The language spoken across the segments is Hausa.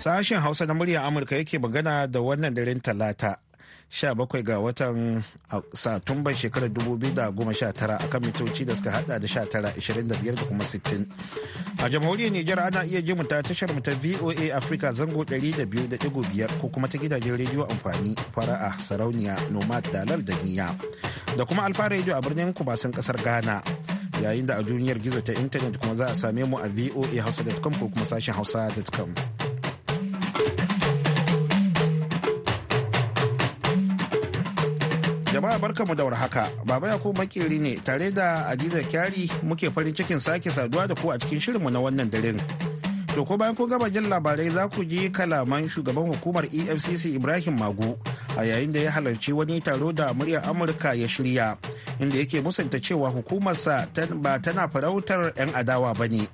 Sashen Hausa na muryar Amurka yake magana da wannan daren talata 17 ga watan Satumban shekarar 2019 akan mitoci da suka hada da 1925 da kuma 60. A jamhuriyar Nijar ana iya jin ta tashar mu ta VOA Africa zango 200.5 ko kuma ta gidajen rediyo amfani fara'a sarauniya nomad dalar da niya da kuma alfa rediyo a birnin kubasin kasar Ghana. yayin da a duniyar gizo ta intanet kuma za a same mu a voa hausa.com ko kuma sashen hausa.com. Jama'a barka mu da warhaka. Baba Yakubu makeri ne tare da Adiza Kyari muke farin cikin sake saduwa da ku a cikin shirinmu na wannan daren. To ko bayan ko gaba jin labarai za ku ji kalaman shugaban hukumar EFCC Ibrahim magu a yayin da ya halarci wani taro da muryar Amurka ya shirya inda yake musanta cewa hukumarsa ba tana farautar 'yan adawa ba ne.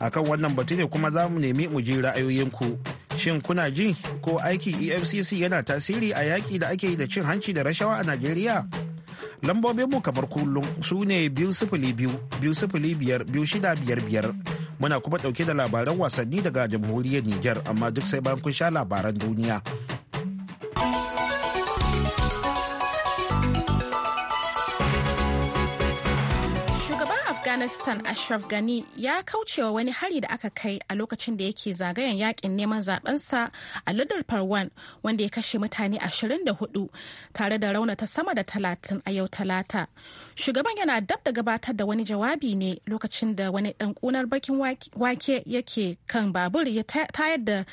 a kan wannan batu ne kuma za mu nemi mu ji ra'ayoyinku. Shin kuna ji ko aiki EFCC yana tasiri a yaƙi da ake yi da cin hanci da rashawa a Najeriya? Lambobinmu kamar kullum su ne biyu sifili biyu, biyu sifili biyar, biyu shida biyar biyar. Muna kuma ɗauke da labaran wasanni daga jamhuriyar Nijar amma duk sai bayan kun sha labaran duniya. afghanistan ashraf ghani ya kaucewa wani hari da aka kai a lokacin da yake zagayen yakin neman zabensa a ladar parwan wanda ya kashe mutane 24 tare da raunata sama da 30 a yau talata shugaban yana dab da gabatar da wani jawabi ne lokacin da wani dan kunar bakin wake yake kan babur ya tayar da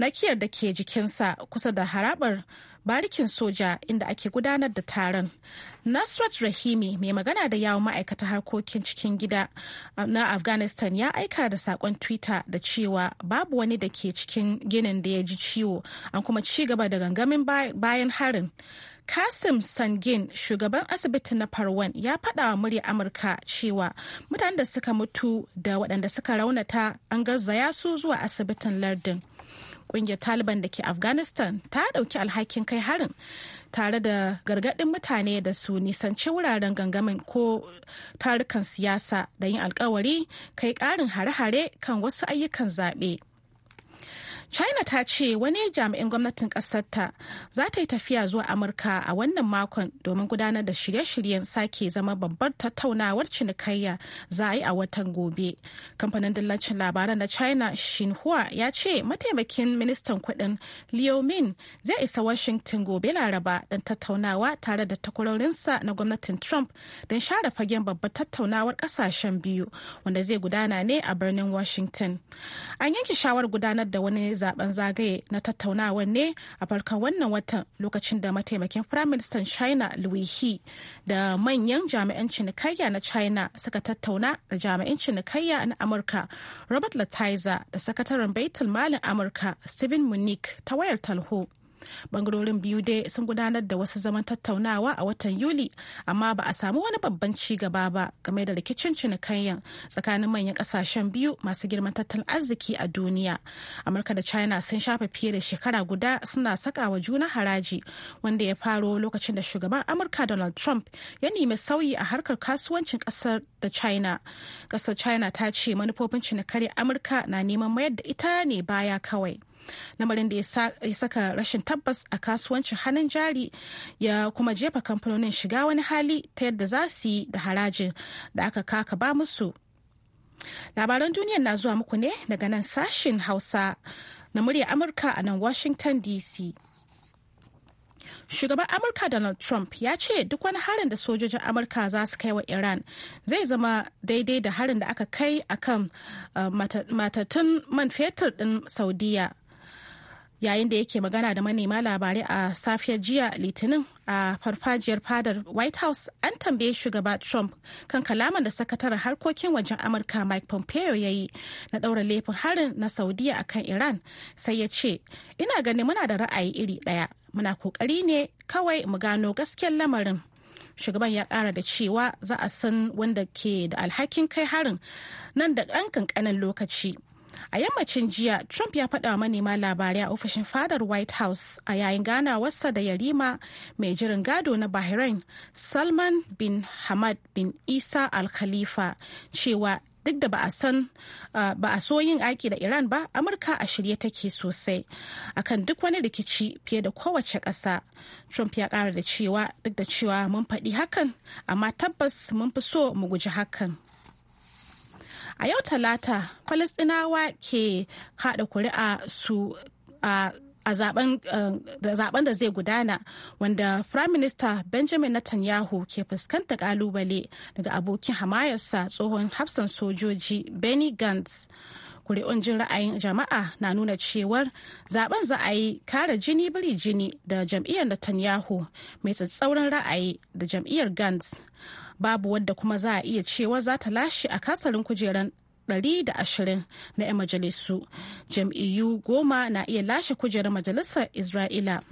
nakiyar da ke jikinsa kusa da harabar barikin soja inda ake gudanar da taron nasrat rahimi mai magana da yawon ma'aikata harkokin cikin gida uh, na afghanistan ya aika da sakon twitter da cewa babu wani da ke cikin ginin da ya ji ciwo an kuma ci gaba da gangamin bayan harin kasim sangin shugaban asibiti na farwan ya faɗa wa murya amurka cewa mutanen da suka mutu da waɗanda suka raunata an garzaya su zuwa asibitin lardin ƙungiyar taliban da ke afghanistan ta ɗauki alhakin kai harin tare da gargaɗin mutane da su nisanci wuraren gangamin ko tarukan siyasa da yin alkawari kai ƙarin hare-hare kan wasu ayyukan zaɓe. China ta ce wani jami'in gwamnatin ƙasarta za ta yi tafiya zuwa Amurka a wannan makon domin gudanar da shirye-shiryen sake zama babbar tattaunawar cinikayya za a yi a watan gobe. Kamfanin dillancin labaran na China Xinhua ya ce mataimakin ministan kudin Liu Min zai isa Washington gobe Laraba don tattaunawa tare da takwarorinsa na gwamnatin Trump don share fagen babbar tattaunawar ƙasashen biyu wanda zai gudana ne a birnin Washington. An yanke shawarar gudanar da wani zaben zagaye na tattaunawar ne a farkon wannan watan lokacin da mataimakin firaministan china louis he da manyan jami'an cinikayya na china suka tattauna da jami'an cinikayya na amurka robert latizer da sakataren baitul malin amurka steven munich ta wayar talho bangarorin biyu dai sun gudanar da wasu zaman tattaunawa a watan yuli amma ba a samu wani babban ci gaba ba game da rikicin cinikayyan tsakanin manyan kasashen biyu masu girman tattalin arziki a duniya amurka da china sun shafe fiye da shekara guda suna saka wa juna haraji wanda ya faro lokacin da shugaban amurka donald trump ya nemi sauyi a harkar kasuwancin kasar da china kasar china ta ce manufofin cinikayya amurka na neman mayar da ita ne baya kawai lamarin da ya saka rashin tabbas a kasuwancin hannun jari ya kuma jefa kamfanonin shiga wani hali ta yadda za su yi da harajin da aka kaka ba musu labaran duniyar na zuwa muku ne daga nan sashin hausa na murya amurka a nan washington dc shugaban amurka donald trump ya ce duk wani harin da sojojin amurka za su kai wa iran zai zama daidai da harin da aka kai akan uh, matattun man fetur din saudiya yayin da yake magana da manema labarai a safiyar jiya litinin a farfajiyar fadar white house an tambaye shugaba trump kan kalaman da sakataren harkokin wajen amurka mike pompeo ya yi na daura laifin harin na saudiya a kan iran sai ya ce ina ganin muna da ra'ayi iri daya muna kokari ne kawai mu gano gaskiyar lamarin shugaban ya kara da cewa za a san wanda ke da alhakin kai harin nan da ɗan lokaci A yammacin jiya, Trump ya faɗa manema labarai a ofishin fadar White House a yayin ganawarsa da Yarima mai jirin gado na Bahrain, Salman bin Hamad bin Isa Al Khalifa, cewa duk da ba a san so yin aiki da Iran ba, Amurka a shirye take sosai akan duk wani rikici fiye da kowace ƙasa. Trump ya ƙara da cewa duk da cewa mun faɗi hakan, amma tabbas mun fi so mu guji hakan. a yau talata falastinawa ke kada kuri'a su a eh, zaben da zai gudana wanda prime minister benjamin netanyahu ke fuskanta kalubale daga abokin hamayarsa tsohon hafsan sojoji benny gantz kuri'un jin ra'ayin jama'a na nuna cewar zaben za a yi kara jini biri jini da jam'iyyar netanyahu mai tsatsauran ra'ayi da jam'iyyar gantz babu wadda kuma za a iya cewa za ta lashe a kasarin kujeran 120 na 'yan majalisu jam'iyyu goma na iya lashe kujerar majalisar isra'ila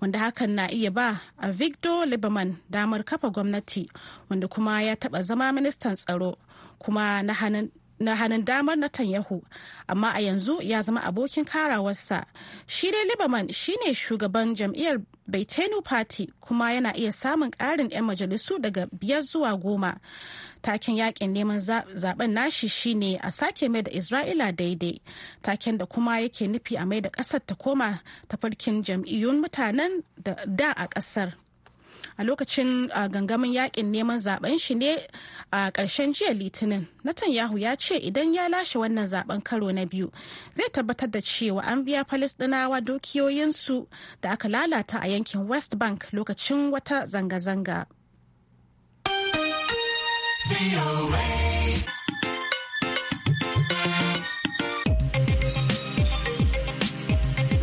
wanda hakan na iya ba a victor liberman damar kafa gwamnati wanda kuma ya taba zama ministan tsaro kuma na hannun na hannun damar Netanyahu, amma a yanzu ya zama abokin karawarsa. Shi dai Liberman ne shugaban jam'iyyar Baitenu Party kuma yana iya samun ƙarin 'yan majalisu daga biyar zuwa goma. takin yakin neman zaben nashi shine a sake mai da Isra'ila daidai, takin da kuma yake nufi a mai da ƙasar ta koma ta farkin jam'iyyun mutanen da a ƙasar. a lokacin gangamin yakin neman zaben shi ne a ƙarshen jiya litinin Netanyahu ya ce idan ya lashe wannan zaben karo na biyu zai tabbatar da cewa an biya Falasɗinawa dukiyoyinsu da aka lalata a yankin West Bank lokacin wata zanga-zanga.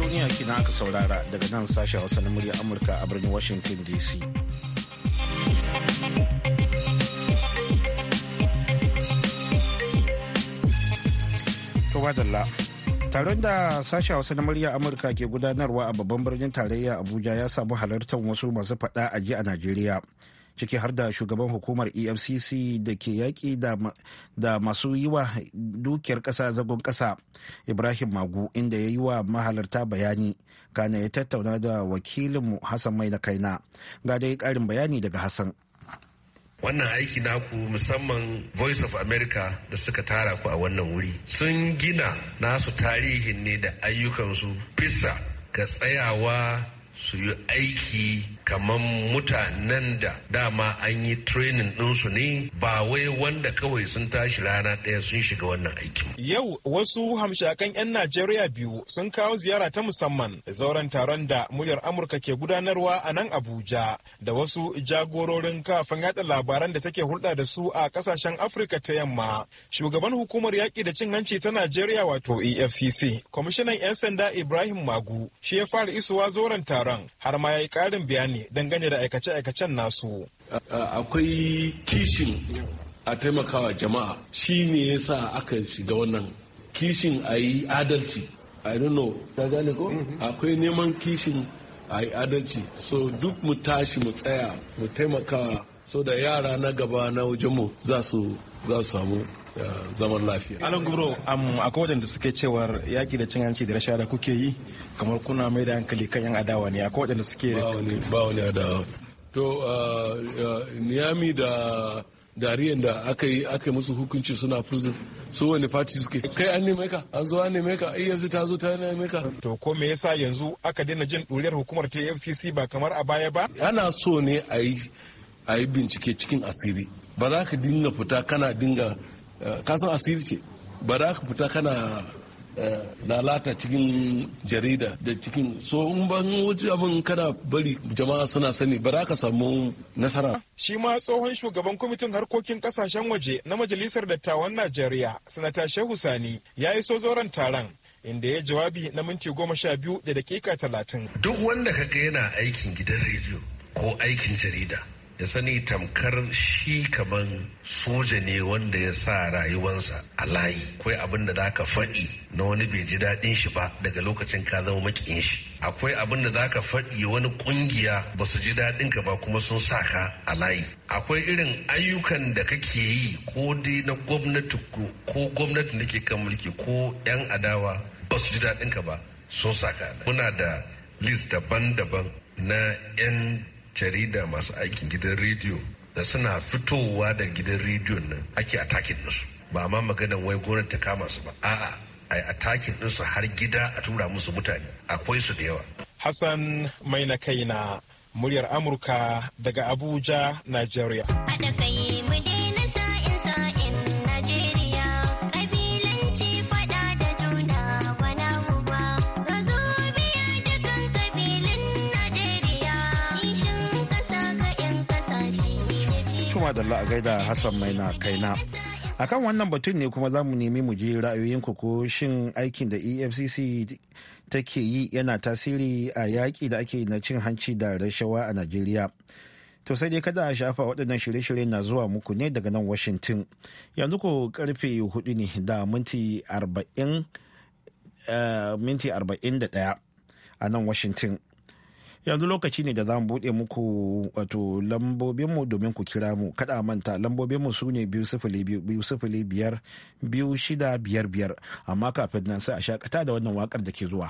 duniya kina aka saurara daga nan sashen hausa na murya amurka a birnin washington dc to madalla taron da sashe hausa na murya amurka ke gudanarwa a babban birnin tarayya abuja ya samu halartar wasu masu fada a ji a najeriya ciki har da shugaban hukumar efcc da ke yaƙi da masu yi wa dukiyar ƙasa zagon ƙasa ibrahim magu inda ya yi wa mahalarta bayani kana ya tattauna da wakilinmu hassan mai na kaina ga dai ƙarin bayani daga hassan wannan aiki naku musamman voice of america da suka tara ku a wannan wuri sun gina nasu tarihin ne da ayyukansu bisa ga tsayawa su yi aiki kamar mutanen da dama an yi training ɗinsu ne ba wai wanda kawai sun tashi rana ɗaya sun shiga wannan aikin. Yau wasu hamshakan 'yan Najeriya biyu sun kawo ziyara ta musamman zauren taron da muryar Amurka ke gudanarwa a nan Abuja da wasu jagororin kafin yada labaran da take hulɗa da su a ƙasashen Afirka ta yamma. Shugaban hukumar yaƙi da cin hanci ta Najeriya wato EFCC, kwamishinan 'yan sanda Ibrahim Magu shi ya fara isuwa zauren taron har ma ya yi ƙarin bayani ne dangane da aikace-aikacen nasu. Akwai kishin a taimakawa jama'a shi ne ya sa aka shiga wannan kishin a yi adalci. I don't know, ta gane ko? Mm-hmm. Akwai neman kishin a yi adalci. So duk mu tashi mu tsaya mu taimakawa so da yara na gaba na wajenmu za su za su samu eh, zaman lafiya. Alan Gubro, akwai waɗanda suke cewar yaƙi da cin hanci da rashawa da kuke yi kamar kuna mai da hankali kan yan adawa ne akwai waɗanda suke ba wani adawa. To eh, eh, Niyami da dariyan da aka yi aka musu hukunci suna prison su wani fati suke kai an neme ka an zo an neme ka AFC ta zo ta neme ka to ko me yasa yanzu aka daina jin ɗuriyar hukumar ta ba kamar a baya ba ana so ne a yi bincike cikin asiri ba za ka dinga fita kana dinga eh, kasan asiri ce ba za ka fita kana eh, lalata cikin jarida da cikin so in ban wuce abin kana bari jama'a suna sani ba za ka samu nasara. shi ma tsohon shugaban kwamitin harkokin kasashen waje na majalisar dattawan najeriya sanata shehu sani ya yi zoron taron inda ya jawabi na minti goma sha biyu da dakika talatin. duk wanda ka ga yana aikin gidan rediyo ko aikin jarida ya sani tamkar shi kaman soja ne wanda ya sa rayuwansa a layi akwai abin da zaka faɗi na wani bai ji daɗin shi ba daga lokacin ka zama makin shi akwai abin da zaka faɗi wani ƙungiya ba su ji daɗin ka ba kuma sun sa ka a layi akwai irin ayyukan da kake yi ko dai na gwamnati ko gwamnati da ke kan mulki ko 'yan adawa ba su ji daɗin ka ba sun sa ka muna da list daban-daban na 'yan jarida masu aikin gidan rediyo da suna fitowa da gidan rediyon nan ake atakin nasu ba ma maganan wai gonar ta kama su ba a'a ai atakin ɗinsu har gida a tura musu mutane akwai su da yawa hassan mai na kai na muryar amurka daga abuja nigeria da a gaida Hassan Maina kaina. a kan wannan batun ne kuma za mu nemi mu je ra'ayoyinku ko shin aikin da EFCC take yi yana tasiri a yaƙi da ake na cin hanci da rashawa a Najeriya. To sai dai kada a shafa waɗannan shirye-shirye na zuwa muku ne daga nan Washington. Yanzu ko karfe hudu ne da minti arba'in eh, minti arba'in da ɗaya a nan Washington. yanzu lokaci ne da za mu buɗe muku wato lambobinmu domin ku kira mu kada manta lambobinmu su ne biyu sifili biyu sifili biyar biyu shida biyar biyar amma kafin nan sai a shakata da wannan wakar da ke zuwa.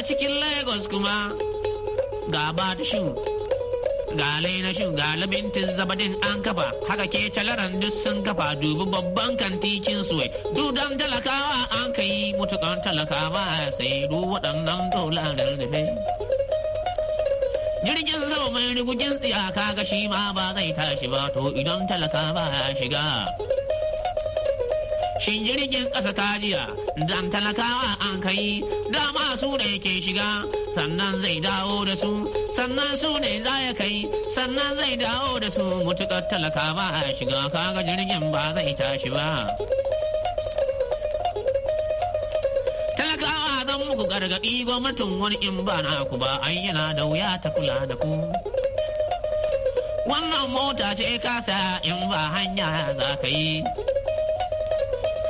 daga cikin Lagos kuma ga Batushin ga lainashin ga labintin zabadin an kafa haka ke calaran duk sun kafa dubi babban kantikin suwai dudan talakawa an ka yi mutukan talakawa sai du waɗannan dolarar da dai jirgin sama mai rigujin tsiyaka ga shi ma ba zai tashi ba to idan talakawa ya shiga shin jirgin ƙasa ta jiya dan talakawa an kai dama su ne ke shiga sannan zai dawo da su sannan su ne za ya kai sannan zai dawo da su mutuƙar talaka ba a shiga kaga jirgin ba zai tashi ba talakawa zan muku gargaɗi gwamnatin wani in ba na ku ba ai yana da wuya ta kula da ku wannan mota ce kasa in ba hanya za ka yi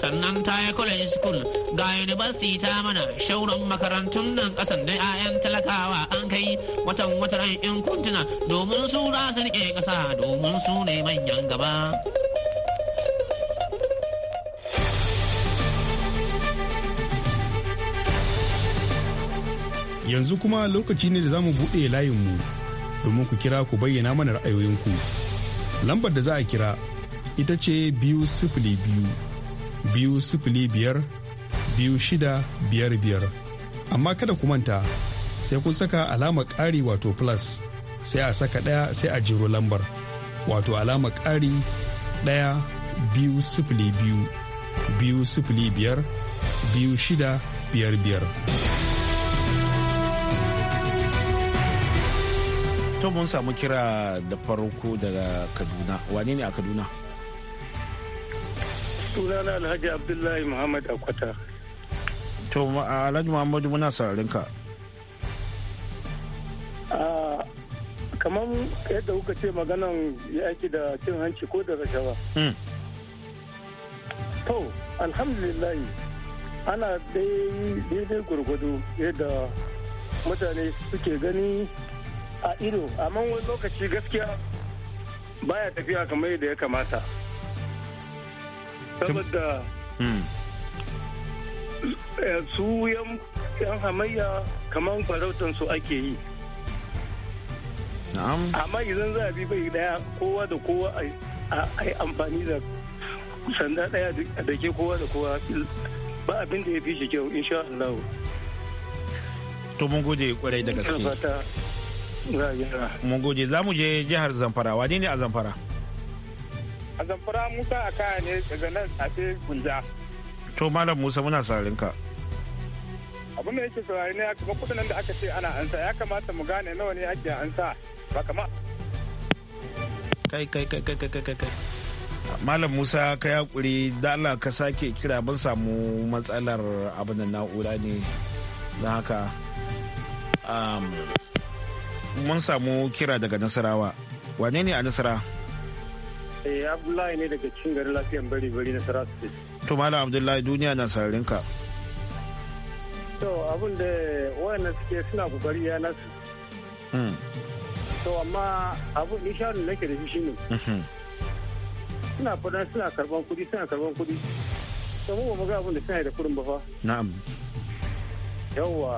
sannan ta yi kula school ga university ta mana shauran makarantun nan kasan da 'ya'yan talakawa an kai watan watan yan kuntuna domin su za su rike kasa domin su ne manyan gaba yanzu kuma lokaci ne da zamu mu buɗe layinmu domin ku kira ku bayyana mana ra'ayoyinku lambar da za a kira ita ce biyu sifili biyu biyu sifili biyar biyu shida biyar biyar amma kada ku manta sai kun saka alama ƙari wato plus sai a saka ɗaya sai a jiro lambar wato alama ƙari ɗaya biyu sifili biyu biyu sifili biyar biyu shida biyar biyar. To mun samu kira da farko daga Kaduna, wane ne a Kaduna? sunana alhaji abdullahi muhammad akwata to alhaji muhammadu muna kamar yadda kuka ce maganan yaki da cin hanci ko da rashawa hmm. to alhamdulillah ana daidai gurgudu yadda mutane suke gani a ido amma wani lokaci gaskiya baya tafiya kamar yadda ya kamata saboda hmm. eh, su yan hamayya kamar farautan su ake yi amma idan za a bi bai daya kowa da kowa a yi amfani da sanda daya da ke kowa da kowa ba abin da ya fi shi kyau insha Allah to mun gode kwarai da gaske mun gode za mu je jihar zamfara wani ne a zamfara a zamfara musa a kaya ne daga nan a sai gunja to malam musa muna sarin abu abin yake saurari ne kuma kudin da aka ce ana ansa ya kamata mu gane nawa ne ake ansa ba kama kai kai kai kai kai kai kai malam musa ka yakuri da allah ka sake kira ban samu matsalar abin da na'ura ne na haka um, mun samu kira daga nasarawa wane ne a nasara Eh Abdullahi ne daga cikin garin lafiyan bari bari na Saratu. To Malam Abdullahi duniya na sararin ka. To abin da wayannan suke suna kokari ya nasu. Hmm. To amma abin nishaɗin nake da shi shine. Hmm. Suna fadan suna karban kudi suna karban kuɗi. To mu ba ga abin da suna da kuɗin ba fa. Na'am. Yawwa.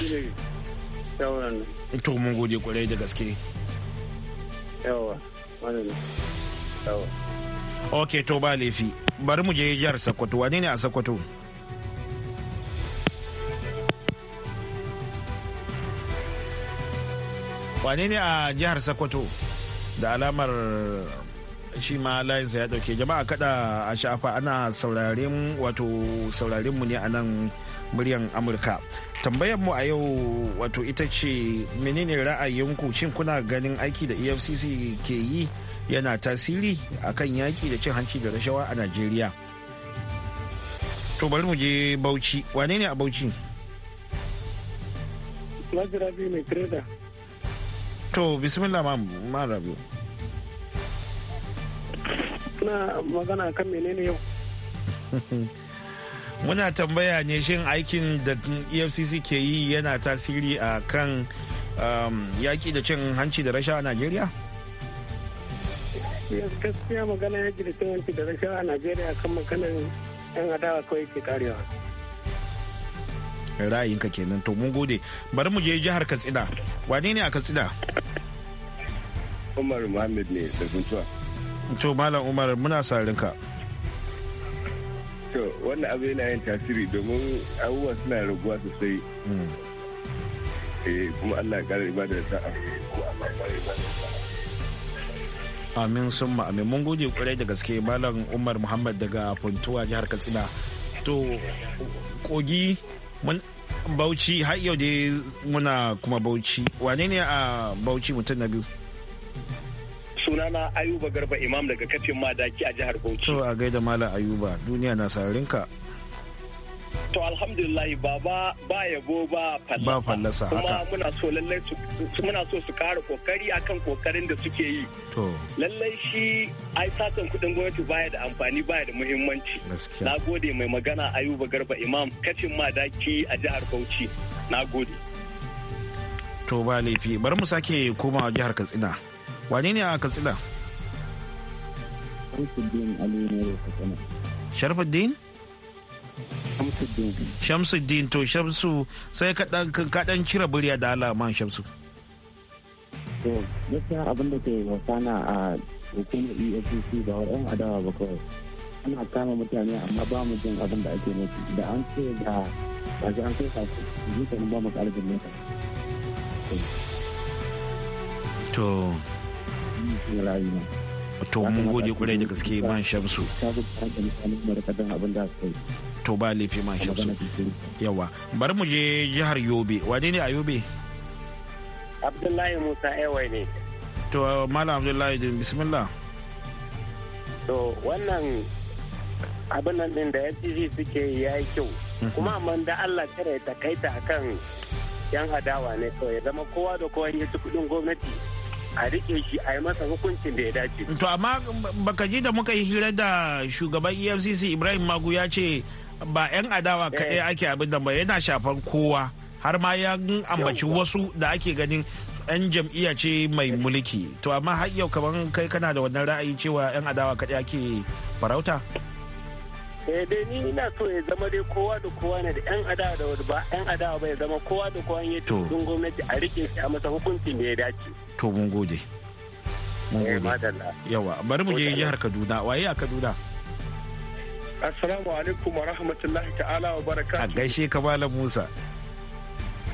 Shine. Yawwa. To mun gode kwarai da gaske. yawa ok to ba laifi bari mu je jihar sokoto wane ne a sokoto wane ne a jihar sokoto da alamar shi ma layinsa ya dauke jama'a kada a shafa ana sauraren wato sauraren mu ne a nan muryan amurka tambayar mu a yau wato ita ce menene ra'ayinku shin kuna ganin aiki da efcc ke yi yana tasiri akan yaki da cin hanci da rashawa a najeriya to bari mu je bauchi wane ne a bauchi Mazirabi mai kreda. To, bismillah ma rabu. Na magana kan menene yau. muna tambaya ne shin aikin da efcc ke yi yana tasiri a kan um, yaƙi da cin hanci da rasha a najeriya gaskiya magana yaƙi da cin hanci da rasha a najeriya kan maganar yan adawa kawai ke karewa ra'ayinka kenan to mun gode bari mu je jihar katsina wani ne a katsina umar muhammad ne da guntuwa to malam umar muna sarinka ka to wannan abu yana yin tasiri domin abubuwa suna raguwa sosai hmm. eh kuma Allah ya kare ibada da sa'a amin sun amin mun gode kwarai da gaske malam umar muhammad daga puntuwa jihar katsina to kogi bauchi har yau dai muna kuma bauchi wane ne a bauchi mutum na biyu sunana ayuba garba imam daga kafin madaki a jihar bauchi to a gaida malam ayuba duniya na ka. to alhamdulillah baba ba yabo ba fallasa ba fallasa haka kuma muna so lallai muna so su kara kokari akan kokarin da suke yi to lallai shi ai satan kudin gwamnati baya da amfani baya da muhimmanci na gode mai magana ayuba garba imam kacin madaki a jihar bauchi na gode to ba laifi bari mu sake komawa jihar katsina wane ne a katsina sharfuddin shamsuddin to shamsu sai kaɗan cire burya da alama shamsu to gaskiya abin da ke wasana a hukumar efcc ba wa yan adawa ba kawai ana kama mutane amma ba mu jin abin da ake nufi da an ce da ba an kai kasu zuwa ba mu kalbin nesa to to mun goge kure da gaske man shamsu to ba laifi man shamsu yawa bari mu je jihar yobe wane ne a yobe abdullahi musa aiwai ne to malam abdullahi bismillah to wannan abin nan din da fcc suke ya yi kyau mhm. kuma amma da allah kare ta kaita akan yan adawa ne kawai zama kowa da kowa ya ci kudin gwamnati a rike shi a yi masa hukuncin da ya dace. To amma baka ji da muka yi hira da shugaban EFCC Ibrahim Magu ya ce ba 'yan adawa kaɗai eh. ake abin da ba yana shafan kowa har ma ya ambaci wasu da ake ganin 'yan jam'iyya ce mai mulki to amma har yau kamar kai kana da wannan ra'ayi cewa 'yan adawa kaɗai ake farauta? eh dai ni ina so ya zama dai kowa da kowa ne da yan adawa da wadda ba yan adawa bai zama kowa da kowa ya cikin gwamnati a rike shi a masa hukuncin da ya dace to mun gode mun eh, gode yawa bari mu je jihar Kaduna waye a Kaduna Assalamu alaikum wa rahmatullahi ta'ala wa barakatuh a gaishe ka malam Musa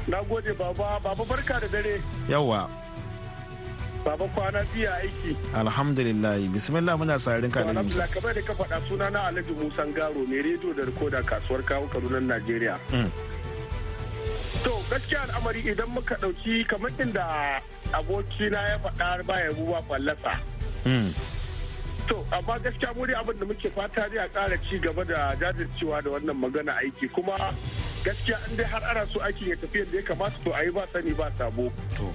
na gode baba baba barka da dare yawa Baba kwana biya aiki. Alhamdulillah. Bismillah muna sarin ka Alhaji Musa. Kamar da ka faɗa suna na Alhaji Musa Garo ne rediyo da rikoda kasuwar kawo Kaduna Najeriya. Mm. To gaskiya al'amari idan muka ɗauki kamar inda abokina ya faɗa baya ruwa fallasa. Mm. To amma gaskiya muri abin da muke fata ne a ƙara ci gaba da jajircewa da wannan magana aiki kuma gaskiya an dai har ana so aikin ya tafi da ya kamata to a yi ba sani ba sabo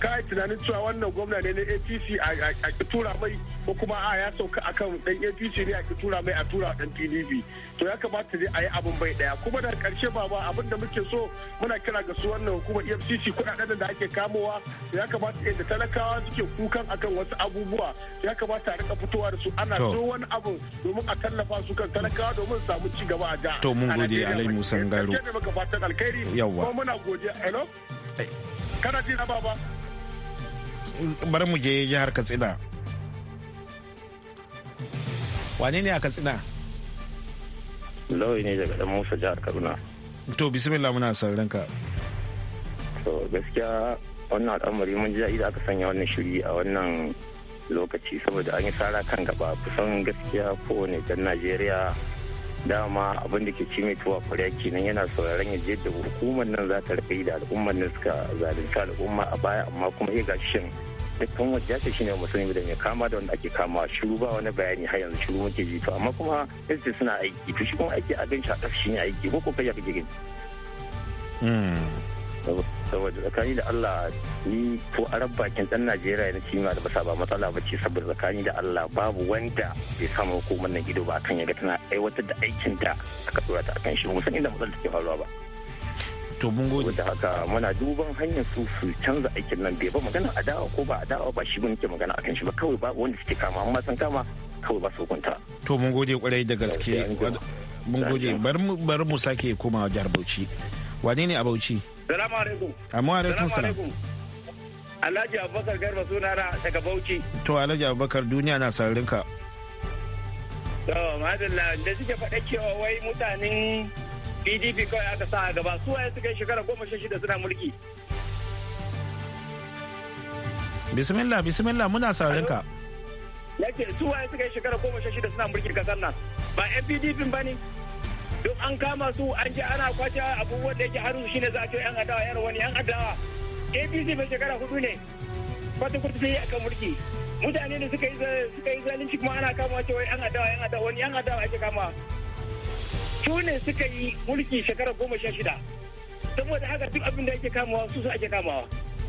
ka yi tunanin cewa wannan gwamna ne na apc a ki tura mai ko kuma a ya sauka a akan dan apc ne a ki tura mai a tura dan pdp to ya kamata dai a yi abin bai daya kuma da karshe ba ba abin da muke so muna kira ga su wannan hukumar efcc kudaden da ake kamowa ya kamata yadda talakawa suke kukan akan wasu abubuwa ya kamata a rika fitowa da su ana so wani abu domin a tallafa su kan talakawa domin samu ci gaba a da to mun gode alai musan fatan alkhairi ko muna godiya hello eh. kana ji na baba bari mu je jihar katsina wane ne a katsina lauyi ne daga dan musa jihar kaduna to bismillah muna sauran ka to gaskiya wannan al'amari mun ji da aka sanya wannan shiri a wannan lokaci saboda an yi tsara kan gaba kusan gaskiya kowane dan najeriya dama abin da ke ci mai tuwa kwarya kenan yana sauraron yaje da hukumar nan za ta rika da al'ummar nan suka zalunci al'umma a baya amma kuma ya eh gashi shin dukkan wajen yake shine musulmi da mai kama da wanda ake kama shiru ba wani bayani har yanzu shiru muke ji to amma kuma yanzu suna aiki to shi kuma aiki abin shi a shine aiki ko ko kai ya kake gani hmm. saboda tsakani da Allah ni ko arab bakin dan Najeriya na ma da basa ba matsala ba ce saboda tsakani da Allah babu wanda bai samu hukumar nan ido ba kan yaga tana aiwatar da aikin da aka dora ta akan shi san inda matsalar take faruwa ba to mun gode da haka muna duban hanyar su su canza aikin nan bai ba magana adawa ko ba adawa ba shi mun ke magana akan shi ba kawai ba wanda suke kama amma san kama kawai ba su hukunta to mun gode kwarai da gaske mun gode bar mu sake komawa jihar Bauchi wane ne a Bauchi Salamu alaikum. Amma alaikum salam. Alhaji Abubakar Garba suna na daga Bauchi. To Alhaji Abubakar duniya na sararin ka. To madalla da suke faɗa cewa wai mutanen PDP kawai aka sa a gaba su waye suka yi shekara goma sha shida suna mulki. Bismillah bismillah muna sararin ka. Yake su waye suka yi shekara goma sha shida suna mulki kasar nan ba 'yan PDP ba ne. duk an kama su an ji ana kwace abubuwan da yake harin shine za a ce yan adawa yan wani yan adawa apc mai shekara hudu ne kwata kwata sai akan mulki mutane ne suka yi suka yi zalunci kuma ana kama ce wai yan adawa yan adawa wani yan adawa ake kama su ne suka yi mulki shekara goma sha shida saboda haka duk abin da ake kamawa su su ake kamawa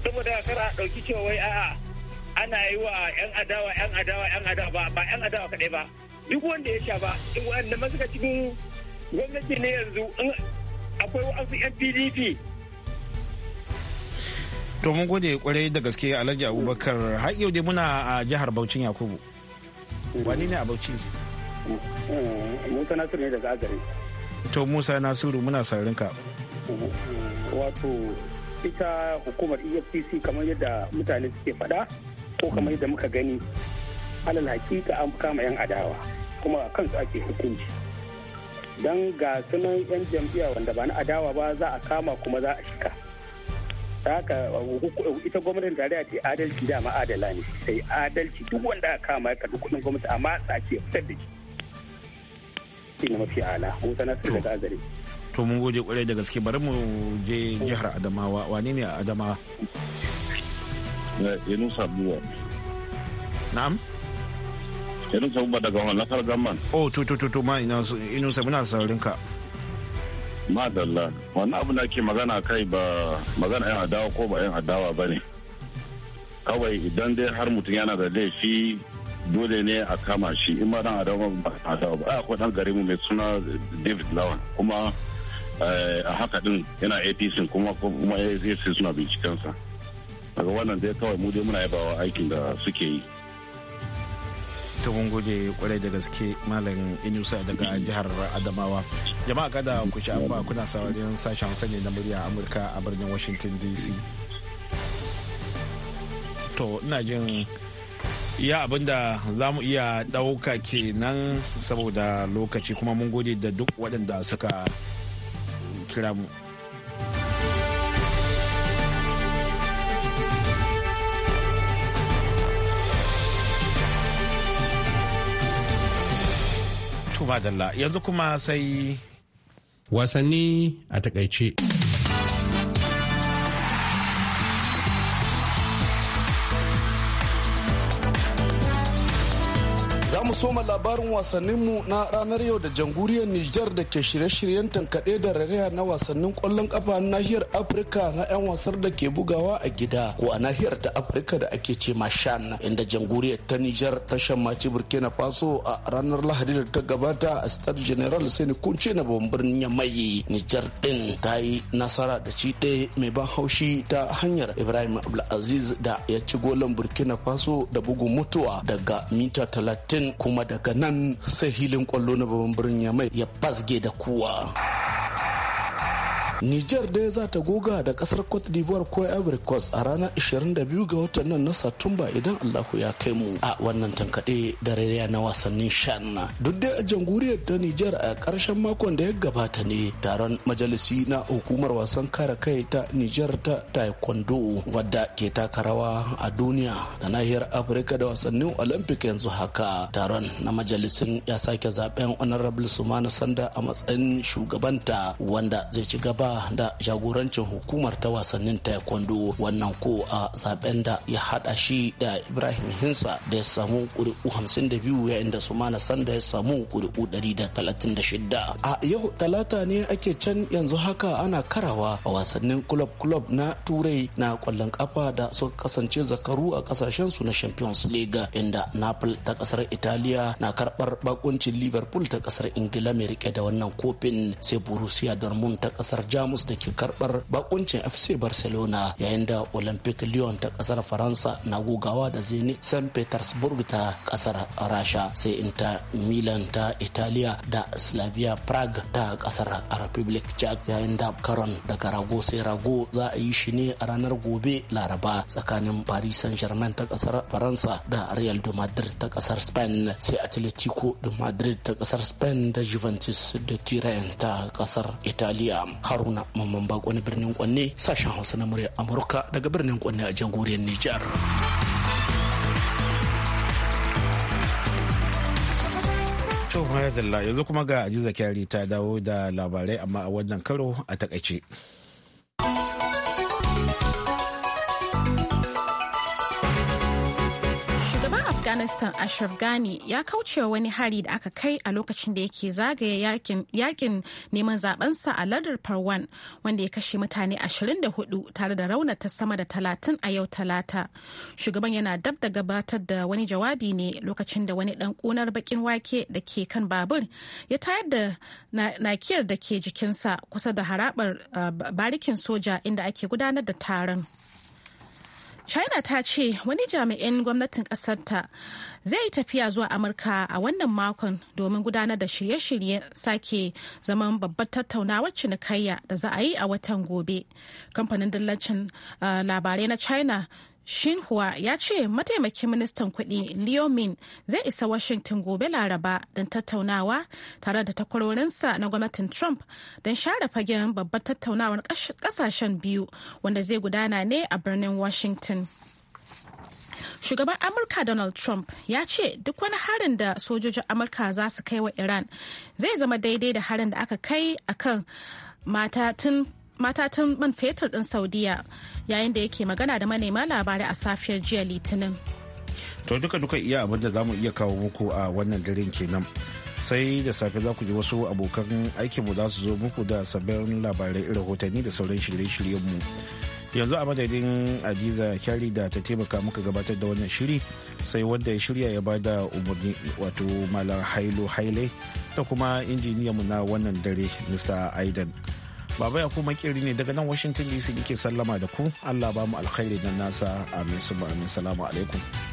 saboda kar a ɗauki cewa wai a'a ana yi wa yan adawa yan adawa yan adawa ba ba yan adawa kaɗai ba duk wanda ya sha ba in wa'anda ma suka cikin gwamnati ne yanzu akwai wasu yan pdp to mun gode kwarai da gaske alhaji abubakar har yau dai muna a jihar bauchi yakubu wani ne a bauchi mm-hmm. musa nasiru ne daga zagare. to musa nasiru muna saurin ka mm-hmm. wato ita hukumar efcc kamar yadda mutane suke faɗa ko kamar yadda muka gani alal hakika an kama yan adawa kuma kansu ake hukunci don ga sunan 'yan jam'iyya wanda ba na adawa ba za a kama kuma za a shika haka ita gwamnatin tarayya ce adalci dama adala ne sai adalci duk wanda aka kama ya karɓi kudin gwamnati amma a ce fitar da shi shi ne mafi ala musa na sirri daga azare to mun gode kwarai da gaske bari mu je jihar adamawa wane ne a adamawa na yanu sabuwa na'am irin sabuwa daga wannan kar man. oh to to to to ma ina inu sai muna saurin ka madalla wannan abu na ke magana kai ba magana yan adawa ko ba yan adawa ba ne kawai idan dai har mutum yana da laifi dole ne a kama shi in ma dan adawa ba adawa ba akwai dan gari mu mai suna david lawan kuma eh, a haka din yana apc kuma kuma apc suna bincikensa daga wannan dai kawai mu dai muna yabawa aikin da suke yi ta mun gode kwarai da gaske malam inusa daga jihar adamawa jama'a kada ku amma kuna sauraron sashen hausa ne na murya amurka a birnin washington dc to ina jin iya abinda za mu iya ɗauka kenan saboda lokaci kuma mun gode da duk waɗanda suka kira mu madalla yanzu kuma sai wasanni a takaice. soma labarin wasanninmu na ranar yau da jamhuriyar Nijar da ke shirye-shiryen tankaɗe da rariya na wasannin ƙwallon ƙafa na nahiyar Afirka na 'yan wasar da ke bugawa a gida ko a nahiyar ta Afirka da ake ce shan. inda jamhuriyar ta Nijar ta shammaci Burkina Faso a ranar Lahadi da ta gabata a Star General Sani Kunce na babban birnin Yamai. Nijar din ta yi nasara da ci ɗaya mai ban haushi ta hanyar Ibrahim Abdulaziz da ya ci golan Burkina Faso da bugun mutuwa daga mita talatin kuma daga nan sai hilin kwallo na babban birnin ya mai ya basge da kuwa. Nijar dai za ta goga da kasar Cote d'Ivoire ko Ivory Coast a ranar 22 ga watan nan na Satumba idan Allahu ya kai mu a wannan tankaɗe da rariya na wasannin shan. Duk dai a jamhuriyar ta Nijar a ƙarshen makon da ya gabata ne taron majalisi na hukumar wasan kare kai ta Nijar ta Taekwondo wadda ke taka rawa a duniya da nahiyar Afirka da wasannin Olympic yanzu haka taron na majalisin ya sake zaben Honorable Sumana Sanda a matsayin shugabanta wanda zai ci gaba da jagorancin hukumar ta wasannin taekwondo wannan ko a zaben da ya hada shi da ibrahim hinsa da ya samu kuri'u 52 yayin da sumana sanda ya samu ƙuri'u 136 a yau talata ne ake can yanzu haka ana karawa a wasannin club club na turai na kwallon kafa da suka kasance zakaru a kasashen su na champions league inda napoli ta kasar italiya na karbar bakuncin liverpool ta kasar ingila mai rike da wannan kofin sai borussia dortmund ta kasar Ja. jamus da ke karbar bakuncin fc barcelona yayin da olympic lyon ta kasar faransa na gogawa da zeni st petersburg ta kasar rasha sai inter milan ta italia da slavia prague ta kasar republic jack yayin da karon daga rago sai rago za a yi shi ne a ranar gobe laraba tsakanin paris saint germain ta kasar faransa da real de madrid ta kasar spain sai atletico de madrid ta kasar spain da juventus da turin ta kasar italiya haruna mamman bako na birnin kwanne sashen hausa na murya amurka daga birnin kwanne a jamhuriyar nijar to yanzu kuma ga ajiza kyari ta dawo da labarai amma a wannan karo a takaice ministan Ashraf Ghani ya kaucewa wani hari da aka kai a lokacin da yake zagaye yakin neman zabensa a lardar Parwan wanda ya kashe mutane 24 tare da raunata sama da 30 a yau talata. Shugaban yana dab da gabatar da wani jawabi ne lokacin da wani dan kunar bakin wake da ke kan babur ya tayar da nakiyar da ke jikinsa kusa da harabar uh, barikin soja inda ake gudanar da taron. china ta ce wani jami'in gwamnatin ƙasarta zai tafiya zuwa amurka a wannan makon domin gudanar da shirye-shirye sake zaman babbar tattaunawar cinikayya da za a yi a watan gobe kamfanin dillancin eh, labarai na china Shinhua ya ce mataimakin ministan kuɗi Leo Min zai isa Washington gobe Laraba don tattaunawa tare da takwarorinsa na gwamnatin Trump don share fagen babbar tattaunawar ƙasashen biyu wanda zai gudana ne a birnin Washington. shugaban amurka donald trump ya ce duk wani harin da sojojin amurka za su kai wa iran zai zama daidai da harin da aka kai akan mata tun mata matatan man fetur din saudiya yayin da yake magana da manema labarai a safiyar jiya litinin to duka duka iya abin da za mu iya kawo muku a wannan daren kenan sai da safe za ku ji wasu abokan aikinmu za su zo muku da sabbin labarai rahotanni da sauran shirye-shiryenmu yanzu a madadin adiza kyari da ta taimaka muka gabatar da wannan shiri sai wanda ya shirya ya ba da umarni wato malar hailo haile da kuma injiniyanmu na wannan dare mr aidan Baba ya kuma kiri ne daga nan Washington DC ke sallama da ku. Allah ba mu alkhairi na nasa amin su amin salamu alaikum.